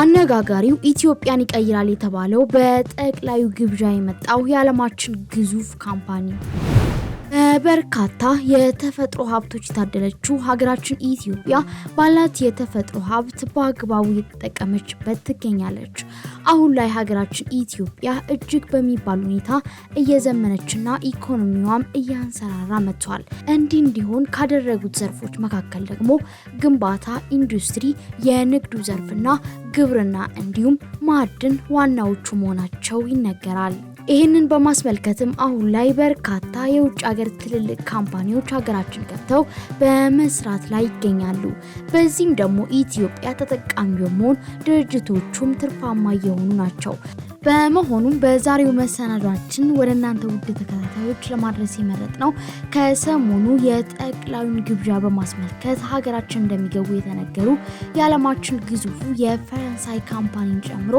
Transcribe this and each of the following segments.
አነጋጋሪው ኢትዮጵያን ይቀይራል የተባለው በጠቅላዩ ግብዣ የመጣው የዓለማችን ግዙፍ ካምፓኒ በርካታ የተፈጥሮ ሀብቶች የታደለችው ሀገራችን ኢትዮጵያ ባላት የተፈጥሮ ሀብት በአግባቡ እየተጠቀመችበት ትገኛለች። አሁን ላይ ሀገራችን ኢትዮጵያ እጅግ በሚባል ሁኔታ እየዘመነችና ኢኮኖሚዋም እያንሰራራ መጥቷል። እንዲህ እንዲሆን ካደረጉት ዘርፎች መካከል ደግሞ ግንባታ ኢንዱስትሪ፣ የንግዱ ዘርፍና ግብርና እንዲሁም ማዕድን ዋናዎቹ መሆናቸው ይነገራል። ይህንን በማስመልከትም አሁን ላይ በርካታ የውጭ ሀገር ትልልቅ ካምፓኒዎች ሀገራችን ገብተው በመስራት ላይ ይገኛሉ። በዚህም ደግሞ ኢትዮጵያ ተጠቃሚ በመሆን ድርጅቶቹም ትርፋማ እየሆኑ ናቸው። በመሆኑም በዛሬው መሰናዷችን ወደ እናንተ ውድ ተከታታዮች ለማድረስ የመረጥ ነው ከሰሞኑ የጠቅላዩን ግብዣ በማስመልከት ሀገራችን እንደሚገቡ የተነገሩ የዓለማችን ግዙፉ የፈረንሳይ ካምፓኒን ጨምሮ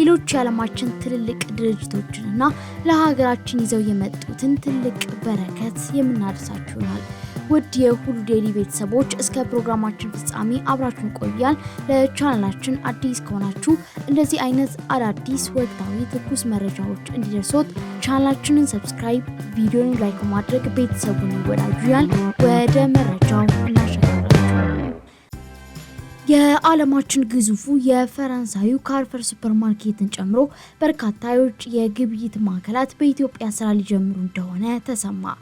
ሌሎች የዓለማችን ትልልቅ ድርጅቶችንና ለሀገራችን ይዘው የመጡትን ትልቅ በረከት የምናደርሳችሁ ይሆናል። ውድ የሁሉ ዴይሊ ቤተሰቦች እስከ ፕሮግራማችን ፍጻሜ አብራችን ቆያል። ለቻናላችን አዲስ ከሆናችሁ እንደዚህ አይነት አዳዲስ ወቅታዊ ትኩስ መረጃዎች እንዲደርሶት ቻናላችንን ሰብስክራይብ፣ ቪዲዮን ላይክ ማድረግ ቤተሰቡን ይወዳጁያል። ወደ መረጃው የዓለማችን ግዙፉ የፈረንሳዩ ካርፈር ሱፐርማርኬትን ጨምሮ በርካታ የውጭ የግብይት ማዕከላት በኢትዮጵያ ስራ ሊጀምሩ እንደሆነ ተሰማ።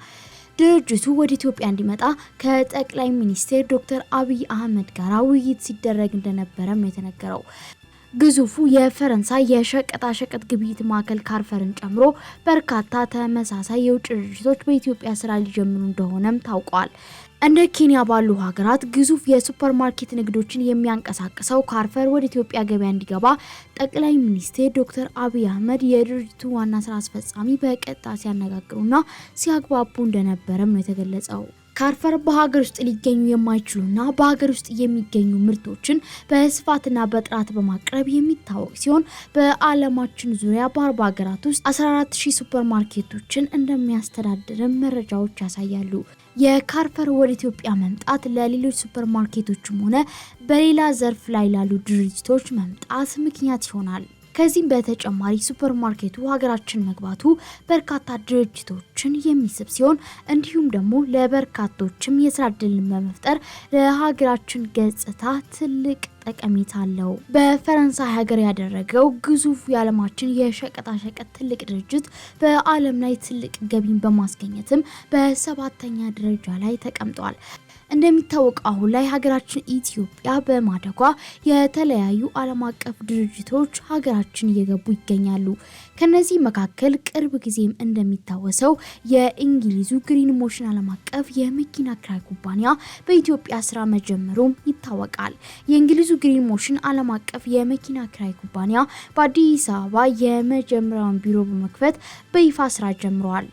ድርጅቱ ወደ ኢትዮጵያ እንዲመጣ ከጠቅላይ ሚኒስትር ዶክተር አብይ አህመድ ጋር ውይይት ሲደረግ እንደነበረም የተነገረው። ግዙፉ የፈረንሳይ የሸቀጣሸቀጥ ግብይት ማዕከል ካርፈርን ጨምሮ በርካታ ተመሳሳይ የውጭ ድርጅቶች በኢትዮጵያ ስራ ሊጀምሩ እንደሆነም ታውቋል። እንደ ኬንያ ባሉ ሀገራት ግዙፍ የሱፐርማርኬት ንግዶችን የሚያንቀሳቅሰው ካርፈር ወደ ኢትዮጵያ ገበያ እንዲገባ ጠቅላይ ሚኒስትር ዶክተር አብይ አህመድ የድርጅቱ ዋና ስራ አስፈጻሚ በቀጥታ ሲያነጋግሩና ሲያግባቡ እንደነበረም ነው የተገለጸው። ካርፈር በሀገር ውስጥ ሊገኙ የማይችሉና በሀገር ውስጥ የሚገኙ ምርቶችን በስፋትና በጥራት በማቅረብ የሚታወቅ ሲሆን በዓለማችን ዙሪያ በአርባ ሀገራት ውስጥ 14 ሺህ ሱፐር እንደሚያስተዳድርም መረጃዎች ያሳያሉ። የካርፈር ወደ ኢትዮጵያ መምጣት ለሌሎች ሱፐርማርኬቶችም ሆነ በሌላ ዘርፍ ላይ ላሉ ድርጅቶች መምጣት ምክንያት ይሆናል። ከዚህም በተጨማሪ ሱፐርማርኬቱ ሀገራችን መግባቱ በርካታ ድርጅቶችን የሚስብ ሲሆን እንዲሁም ደግሞ ለበርካቶችም የስራ እድልን በመፍጠር ለሀገራችን ገጽታ ትልቅ ጠቀሜታ አለው። በፈረንሳይ ሀገር ያደረገው ግዙፍ የዓለማችን የሸቀጣሸቀጥ ትልቅ ድርጅት በዓለም ላይ ትልቅ ገቢን በማስገኘትም በሰባተኛ ደረጃ ላይ ተቀምጧል። እንደሚታወቅ አሁን ላይ ሀገራችን ኢትዮጵያ በማደጓ የተለያዩ ዓለም አቀፍ ድርጅቶች ሀገራችን እየገቡ ይገኛሉ። ከነዚህ መካከል ቅርብ ጊዜም እንደሚታወሰው የእንግሊዙ ግሪን ሞሽን ዓለም አቀፍ የመኪና ክራይ ኩባንያ በኢትዮጵያ ስራ መጀመሩም ይታወቃል። የእንግሊዙ ግሪን ሞሽን ዓለም አቀፍ የመኪና ክራይ ኩባንያ በአዲስ አበባ የመጀመሪያውን ቢሮ በመክፈት በይፋ ስራ ጀምረዋል።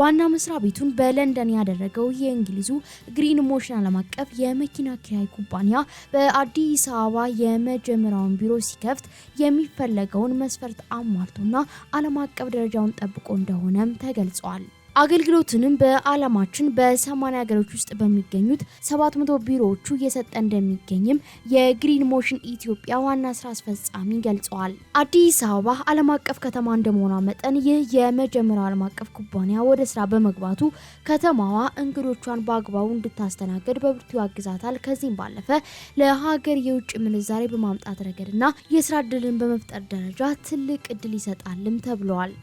ዋና መስሪያ ቤቱን በለንደን ያደረገው የእንግሊዙ ግሪን ሞሽን ዓለም አቀፍ የመኪና ኪራይ ኩባንያ በአዲስ አበባ የመጀመሪያውን ቢሮ ሲከፍት የሚፈለገውን መስፈርት አሟልቶና ዓለም አቀፍ ደረጃውን ጠብቆ እንደሆነም ተገልጿል። አገልግሎትንም በዓለማችን በሰማኒያ ሀገሮች ውስጥ በሚገኙት 700 ቢሮዎቹ እየሰጠ እንደሚገኝም የግሪን ሞሽን ኢትዮጵያ ዋና ስራ አስፈጻሚ ገልጸዋል። አዲስ አበባ ዓለም አቀፍ ከተማ እንደመሆኗ መጠን ይህ የመጀመሪያው ዓለም አቀፍ ኩባንያ ወደ ስራ በመግባቱ ከተማዋ እንግዶቿን በአግባቡ እንድታስተናገድ በብርቱ ያግዛታል። ከዚህም ባለፈ ለሀገር የውጭ ምንዛሬ በማምጣት ረገድና የስራ እድልን በመፍጠር ደረጃ ትልቅ እድል ይሰጣልም ተብለዋል።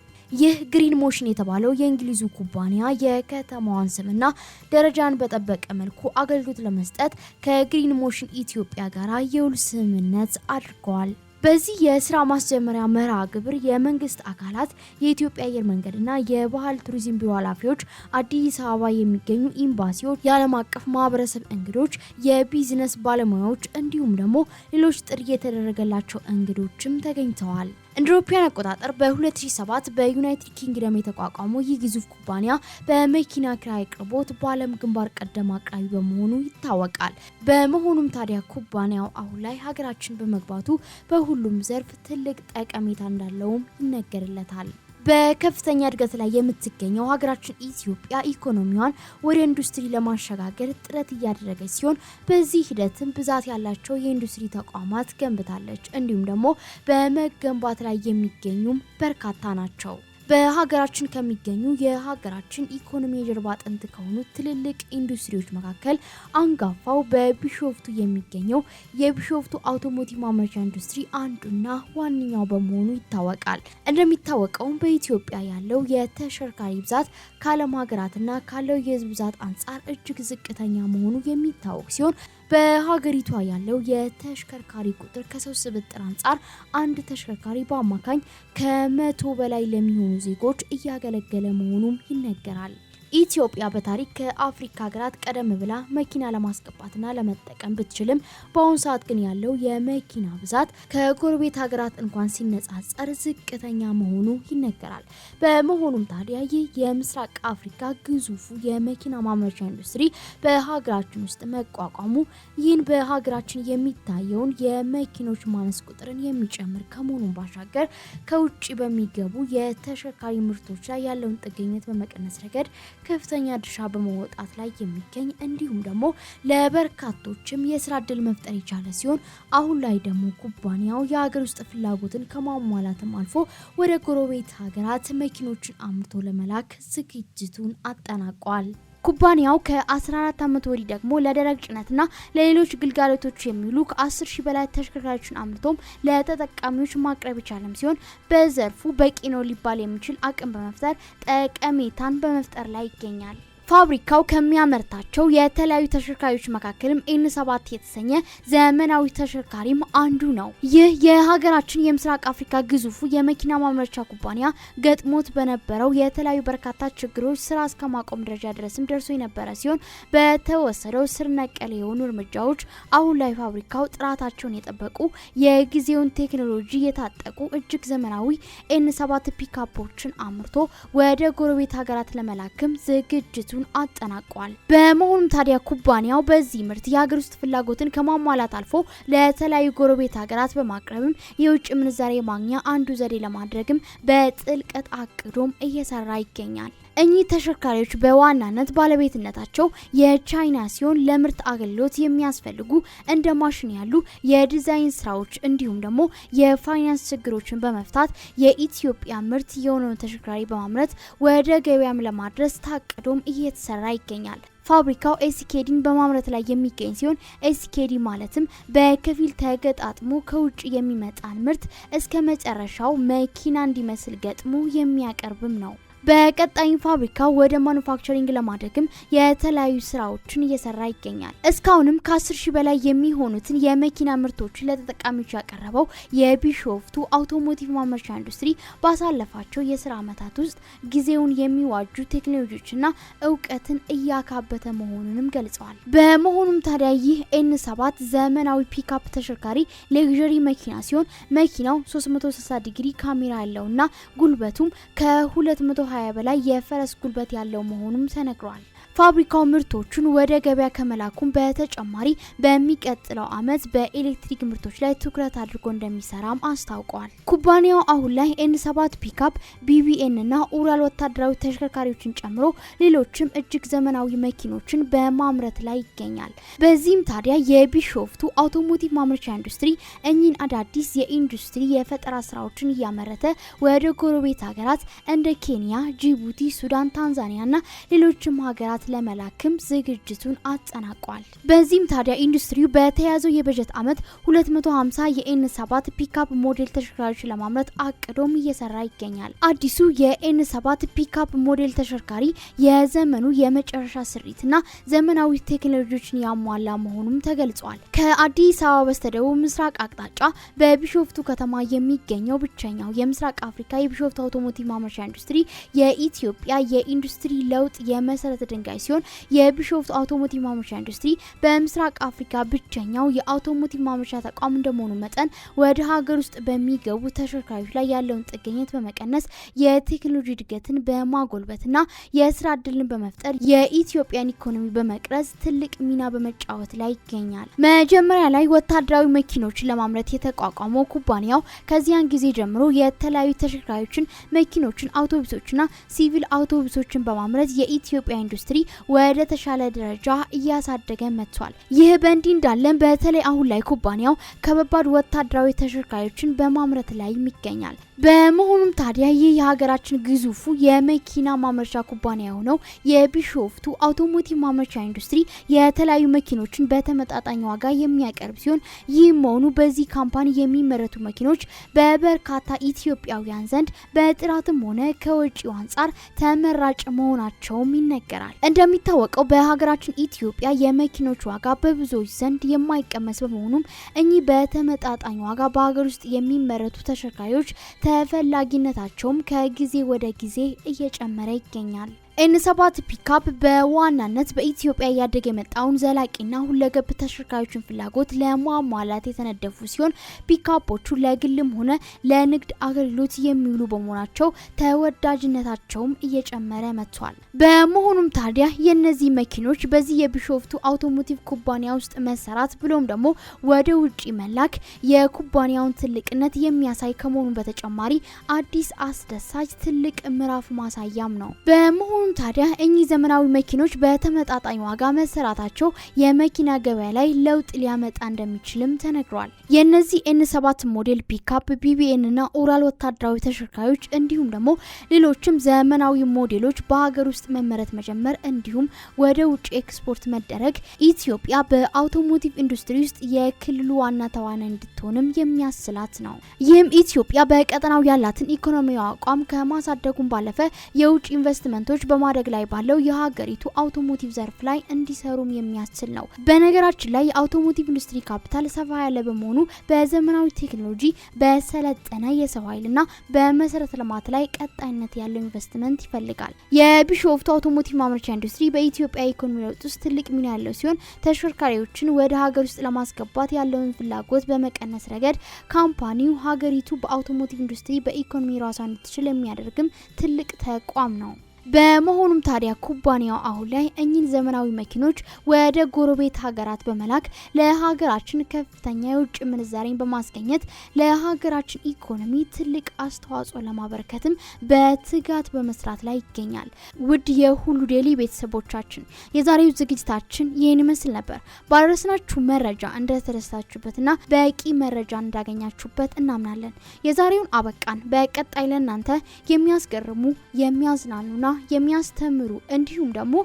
ይህ ግሪን ሞሽን የተባለው የእንግሊዙ ኩባንያ የከተማዋን ስምና ደረጃን በጠበቀ መልኩ አገልግሎት ለመስጠት ከግሪን ሞሽን ኢትዮጵያ ጋር የውል ስምምነት አድርገዋል። በዚህ የስራ ማስጀመሪያ መርሃ ግብር የመንግስት አካላት የኢትዮጵያ አየር መንገድና የባህል ቱሪዝም ቢሮ ኃላፊዎች፣ አዲስ አበባ የሚገኙ ኤምባሲዎች፣ የዓለም አቀፍ ማህበረሰብ እንግዶች፣ የቢዝነስ ባለሙያዎች እንዲሁም ደግሞ ሌሎች ጥሪ የተደረገላቸው እንግዶችም ተገኝተዋል። እንደ አውሮፓውያን አቆጣጠር በ2007 በዩናይትድ ኪንግደም የተቋቋመው ይህ ግዙፍ ኩባንያ በመኪና ክራይ አቅርቦት በዓለም ግንባር ቀደም አቅራቢ በመሆኑ ይታወቃል። በመሆኑም ታዲያ ኩባንያው አሁን ላይ ሀገራችን በመግባቱ በሁሉም ዘርፍ ትልቅ ጠቀሜታ እንዳለውም ይነገርለታል። በከፍተኛ እድገት ላይ የምትገኘው ሀገራችን ኢትዮጵያ ኢኮኖሚዋን ወደ ኢንዱስትሪ ለማሸጋገር ጥረት እያደረገች ሲሆን በዚህ ሂደትም ብዛት ያላቸው የኢንዱስትሪ ተቋማት ገንብታለች። እንዲሁም ደግሞ በመገንባት ላይ የሚገኙም በርካታ ናቸው። በሀገራችን ከሚገኙ የሀገራችን ኢኮኖሚ የጀርባ አጥንት ከሆኑ ትልልቅ ኢንዱስትሪዎች መካከል አንጋፋው በቢሾፍቱ የሚገኘው የቢሾፍቱ አውቶሞቲቭ ማምረቻ ኢንዱስትሪ አንዱና ዋነኛው በመሆኑ ይታወቃል። እንደሚታወቀውም በኢትዮጵያ ያለው የተሽከርካሪ ብዛት ከዓለም ሀገራትና ካለው የህዝብ ብዛት አንጻር እጅግ ዝቅተኛ መሆኑ የሚታወቅ ሲሆን በሀገሪቷ ያለው የተሽከርካሪ ቁጥር ከሰው ስብጥር አንጻር አንድ ተሽከርካሪ በአማካኝ ከመቶ በላይ ለሚሆኑ ዜጎች እያገለገለ መሆኑም ይነገራል። ኢትዮጵያ በታሪክ ከአፍሪካ ሀገራት ቀደም ብላ መኪና ለማስገባትና ለመጠቀም ብትችልም በአሁኑ ሰዓት ግን ያለው የመኪና ብዛት ከጎረቤት ሀገራት እንኳን ሲነጻጸር ዝቅተኛ መሆኑ ይነገራል። በመሆኑም ታዲያ ይህ የምስራቅ አፍሪካ ግዙፉ የመኪና ማምረቻ ኢንዱስትሪ በሀገራችን ውስጥ መቋቋሙ ይህን በሀገራችን የሚታየውን የመኪኖች ማነስ ቁጥርን የሚጨምር ከመሆኑን ባሻገር ከውጭ በሚገቡ የተሸካሪ ምርቶች ላይ ያለውን ጥገኝነት በመቀነስ ረገድ ከፍተኛ ድርሻ በመወጣት ላይ የሚገኝ እንዲሁም ደግሞ ለበርካቶችም የስራ እድል መፍጠር የቻለ ሲሆን አሁን ላይ ደግሞ ኩባንያው የሀገር ውስጥ ፍላጎትን ከማሟላትም አልፎ ወደ ጎረቤት ሀገራት መኪኖችን አምርቶ ለመላክ ዝግጅቱን አጠናቋል። ኩባንያው ከ14 ዓመት ወዲህ ደግሞ ለደረቅ ጭነትና ለሌሎች ግልጋሎቶች የሚውሉ ከ10 ሺ በላይ ተሽከርካሪዎችን አምርቶም ለተጠቃሚዎች ማቅረብ የቻለም ሲሆን በዘርፉ በቂ ነው ሊባል የሚችል አቅም በመፍጠር ጠቀሜታን በመፍጠር ላይ ይገኛል። ፋብሪካው ከሚያመርታቸው የተለያዩ ተሽከርካሪዎች መካከልም ኤን ሰባት የተሰኘ ዘመናዊ ተሽከርካሪም አንዱ ነው። ይህ የሀገራችን የምስራቅ አፍሪካ ግዙፉ የመኪና ማምረቻ ኩባንያ ገጥሞት በነበረው የተለያዩ በርካታ ችግሮች ስራ እስከማቆም ደረጃ ድረስም ደርሶ የነበረ ሲሆን በተወሰደው ስር ነቀል የሆኑ እርምጃዎች አሁን ላይ ፋብሪካው ጥራታቸውን የጠበቁ የጊዜውን ቴክኖሎጂ የታጠቁ እጅግ ዘመናዊ ኤን ሰባት ፒካፖችን አምርቶ ወደ ጎረቤት ሀገራት ለመላክም ዝግጅት ዝግጅቱን አጠናቋል። በመሆኑም ታዲያ ኩባንያው በዚህ ምርት የሀገር ውስጥ ፍላጎትን ከማሟላት አልፎ ለተለያዩ ጎረቤት ሀገራት በማቅረብም የውጭ ምንዛሬ ማግኛ አንዱ ዘዴ ለማድረግም በጥልቀት አቅዶም እየሰራ ይገኛል። እኚህ ተሽከርካሪዎች በዋናነት ባለቤትነታቸው የቻይና ሲሆን ለምርት አገልግሎት የሚያስፈልጉ እንደ ማሽን ያሉ የዲዛይን ስራዎች እንዲሁም ደግሞ የፋይናንስ ችግሮችን በመፍታት የኢትዮጵያ ምርት የሆነውን ተሽከርካሪ በማምረት ወደ ገበያም ለማድረስ ታቅዶም እየተሰራ ይገኛል። ፋብሪካው ኤስኬዲን በማምረት ላይ የሚገኝ ሲሆን ኤስኬዲ ማለትም በከፊል ተገጣጥሞ ከውጭ የሚመጣን ምርት እስከ መጨረሻው መኪና እንዲመስል ገጥሞ የሚያቀርብም ነው። በቀጣይም ፋብሪካው ወደ ማኑፋክቸሪንግ ለማድረግም የተለያዩ ስራዎችን እየሰራ ይገኛል። እስካሁንም ከ10 ሺህ በላይ የሚሆኑትን የመኪና ምርቶችን ለተጠቃሚዎች ያቀረበው የቢሾፍቱ አውቶሞቲቭ ማምረቻ ኢንዱስትሪ ባሳለፋቸው የስራ ዓመታት ውስጥ ጊዜውን የሚዋጁ ቴክኖሎጂዎችና እውቀትን እያካበተ መሆኑንም ገልጸዋል። በመሆኑም ታዲያ ይህ ኤን ሰባት ዘመናዊ ፒክአፕ ተሽከርካሪ ሌግዥሪ መኪና ሲሆን መኪናው 360 ዲግሪ ካሜራ ያለውና ጉልበቱም ከ220 ከ20 በላይ የፈረስ ጉልበት ያለው መሆኑም ተነግሯል። ፋብሪካው ምርቶቹን ወደ ገበያ ከመላኩም በተጨማሪ በሚቀጥለው ዓመት በኤሌክትሪክ ምርቶች ላይ ትኩረት አድርጎ እንደሚሰራም አስታውቋል። ኩባንያው አሁን ላይ ኤን ሰባት ፒካፕ፣ ቢቢኤን እና ኡራል ወታደራዊ ተሽከርካሪዎችን ጨምሮ ሌሎችም እጅግ ዘመናዊ መኪኖችን በማምረት ላይ ይገኛል። በዚህም ታዲያ የቢሾፍቱ አውቶሞቲቭ ማምረቻ ኢንዱስትሪ እኚህን አዳዲስ የኢንዱስትሪ የፈጠራ ስራዎችን እያመረተ ወደ ጎረቤት ሀገራት እንደ ኬንያ፣ ጅቡቲ፣ ሱዳን፣ ታንዛኒያ እና ሌሎችም ሀገራት በብዛት ለመላክም ዝግጅቱን አጠናቋል። በዚህም ታዲያ ኢንዱስትሪው በተያዘው የበጀት ዓመት 250 የኤን 7 ፒካፕ ሞዴል ተሽከርካሪዎች ለማምረት አቅዶም እየሰራ ይገኛል። አዲሱ የኤን 7 ፒካፕ ሞዴል ተሽከርካሪ የዘመኑ የመጨረሻ ስሪትና ዘመናዊ ቴክኖሎጂዎችን ያሟላ መሆኑም ተገልጿል። ከአዲስ አበባ በስተደቡብ ምስራቅ አቅጣጫ በቢሾፍቱ ከተማ የሚገኘው ብቸኛው የምስራቅ አፍሪካ የቢሾፍቱ አውቶሞቲቭ ማምረቻ ኢንዱስትሪ የኢትዮጵያ የኢንዱስትሪ ለውጥ የመሰረተ ድንጋይ አዘጋጅ ሲሆን የቢሾፍት አውቶሞቲቭ ማምረቻ ኢንዱስትሪ በምስራቅ አፍሪካ ብቸኛው የአውቶሞቲቭ ማምረቻ ተቋም እንደመሆኑ መጠን ወደ ሀገር ውስጥ በሚገቡ ተሽከርካሪዎች ላይ ያለውን ጥገኘት በመቀነስ የቴክኖሎጂ እድገትን በማጎልበትና የስራ እድልን በመፍጠር የኢትዮጵያን ኢኮኖሚ በመቅረጽ ትልቅ ሚና በመጫወት ላይ ይገኛል። መጀመሪያ ላይ ወታደራዊ መኪኖችን ለማምረት የተቋቋመው ኩባንያው ከዚያን ጊዜ ጀምሮ የተለያዩ ተሽከርካሪዎችን፣ መኪኖችን፣ አውቶቡሶችና ሲቪል አውቶቡሶችን በማምረት የኢትዮጵያ ኢንዱስትሪ ወደ ተሻለ ደረጃ እያሳደገ መጥቷል። ይህ በእንዲህ እንዳለን በተለይ አሁን ላይ ኩባንያው ከባድ ወታደራዊ ተሽከርካሪዎችን በማምረት ላይ ይገኛል። በመሆኑም ታዲያ ይህ የሀገራችን ግዙፉ የመኪና ማምረቻ ኩባንያ የሆነው የቢሾፍቱ አውቶሞቲቭ ማምረቻ ኢንዱስትሪ የተለያዩ መኪኖችን በተመጣጣኝ ዋጋ የሚያቀርብ ሲሆን ይህም መሆኑ በዚህ ካምፓኒ የሚመረቱ መኪኖች በበርካታ ኢትዮጵያውያን ዘንድ በጥራትም ሆነ ከወጪው አንጻር ተመራጭ መሆናቸውም ይነገራል። እንደሚታወቀው በሀገራችን ኢትዮጵያ የመኪኖች ዋጋ በብዙዎች ዘንድ የማይቀመስ በመሆኑም እኚህ በተመጣጣኝ ዋጋ በሀገር ውስጥ የሚመረቱ ተሽከርካሪዎች ተፈላጊነታቸውም ከጊዜ ወደ ጊዜ እየጨመረ ይገኛል። ኤን ሰባት ፒካፕ በዋናነት በኢትዮጵያ እያደገ የመጣውን ዘላቂና ሁለገብ ተሽከርካሪዎችን ፍላጎት ለማሟላት የተነደፉ ሲሆን ፒካፖቹ ለግልም ሆነ ለንግድ አገልግሎት የሚውሉ በመሆናቸው ተወዳጅነታቸውም እየጨመረ መጥቷል። በመሆኑም ታዲያ የእነዚህ መኪኖች በዚህ የቢሾፍቱ አውቶሞቲቭ ኩባንያ ውስጥ መሰራት ብሎም ደግሞ ወደ ውጭ መላክ የኩባንያውን ትልቅነት የሚያሳይ ከመሆኑ በተጨማሪ አዲስ አስደሳች ትልቅ ምዕራፍ ማሳያም ነው በመሆኑ አሁን ታዲያ እኚህ ዘመናዊ መኪኖች በተመጣጣኝ ዋጋ መሰራታቸው የመኪና ገበያ ላይ ለውጥ ሊያመጣ እንደሚችልም ተነግሯል። የእነዚህ ኤን ሰባት ሞዴል ፒካፕ፣ ቢቢኤን እና ኦራል ወታደራዊ ተሽከርካሪዎች እንዲሁም ደግሞ ሌሎችም ዘመናዊ ሞዴሎች በሀገር ውስጥ መመረት መጀመር እንዲሁም ወደ ውጭ ኤክስፖርት መደረግ ኢትዮጵያ በአውቶሞቲቭ ኢንዱስትሪ ውስጥ የክልሉ ዋና ተዋናይ እንድትሆንም የሚያስላት ነው። ይህም ኢትዮጵያ በቀጠናው ያላትን ኢኮኖሚያዊ አቋም ከማሳደጉም ባለፈ የውጭ ኢንቨስትመንቶች በማደግ ላይ ባለው የሀገሪቱ አውቶሞቲቭ ዘርፍ ላይ እንዲሰሩም የሚያስችል ነው። በነገራችን ላይ የአውቶሞቲቭ ኢንዱስትሪ ካፒታል ሰፋ ያለ በመሆኑ በዘመናዊ ቴክኖሎጂ በሰለጠነ የሰው ኃይልና በመሰረተ ልማት ላይ ቀጣይነት ያለው ኢንቨስትመንት ይፈልጋል። የቢሾፍቱ አውቶሞቲቭ ማምረቻ ኢንዱስትሪ በኢትዮጵያ ኢኮኖሚ ለውጥ ውስጥ ትልቅ ሚና ያለው ሲሆን ተሽከርካሪዎችን ወደ ሀገር ውስጥ ለማስገባት ያለውን ፍላጎት በመቀነስ ረገድ ካምፓኒው ሀገሪቱ በአውቶሞቲቭ ኢንዱስትሪ በኢኮኖሚ ራሷ እንድትችል የሚያደርግም ትልቅ ተቋም ነው። በመሆኑም ታዲያ ኩባንያው አሁን ላይ እኚህን ዘመናዊ መኪኖች ወደ ጎረቤት ሀገራት በመላክ ለሀገራችን ከፍተኛ የውጭ ምንዛሬን በማስገኘት ለሀገራችን ኢኮኖሚ ትልቅ አስተዋጽኦ ለማበረከትም በትጋት በመስራት ላይ ይገኛል። ውድ የሁሉ ዴይሊ ቤተሰቦቻችን የዛሬው ዝግጅታችን ይህን ይመስል ነበር። ባደረስናችሁ መረጃ እንደተደሰታችሁበትና በቂ መረጃ እንዳገኛችሁበት እናምናለን። የዛሬውን አበቃን። በቀጣይ ለእናንተ የሚያስገርሙ የሚያዝናኑና የሚያስተምሩ እንዲሁም ደግሞ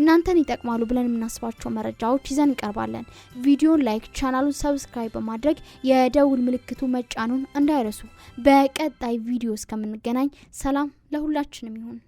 እናንተን ይጠቅማሉ ብለን የምናስባቸው መረጃዎች ይዘን እንቀርባለን። ቪዲዮን ላይክ፣ ቻናሉን ሰብስክራይብ በማድረግ የደውል ምልክቱ መጫኑን እንዳይረሱ። በቀጣይ ቪዲዮ እስከምንገናኝ ሰላም ለሁላችንም ይሁን።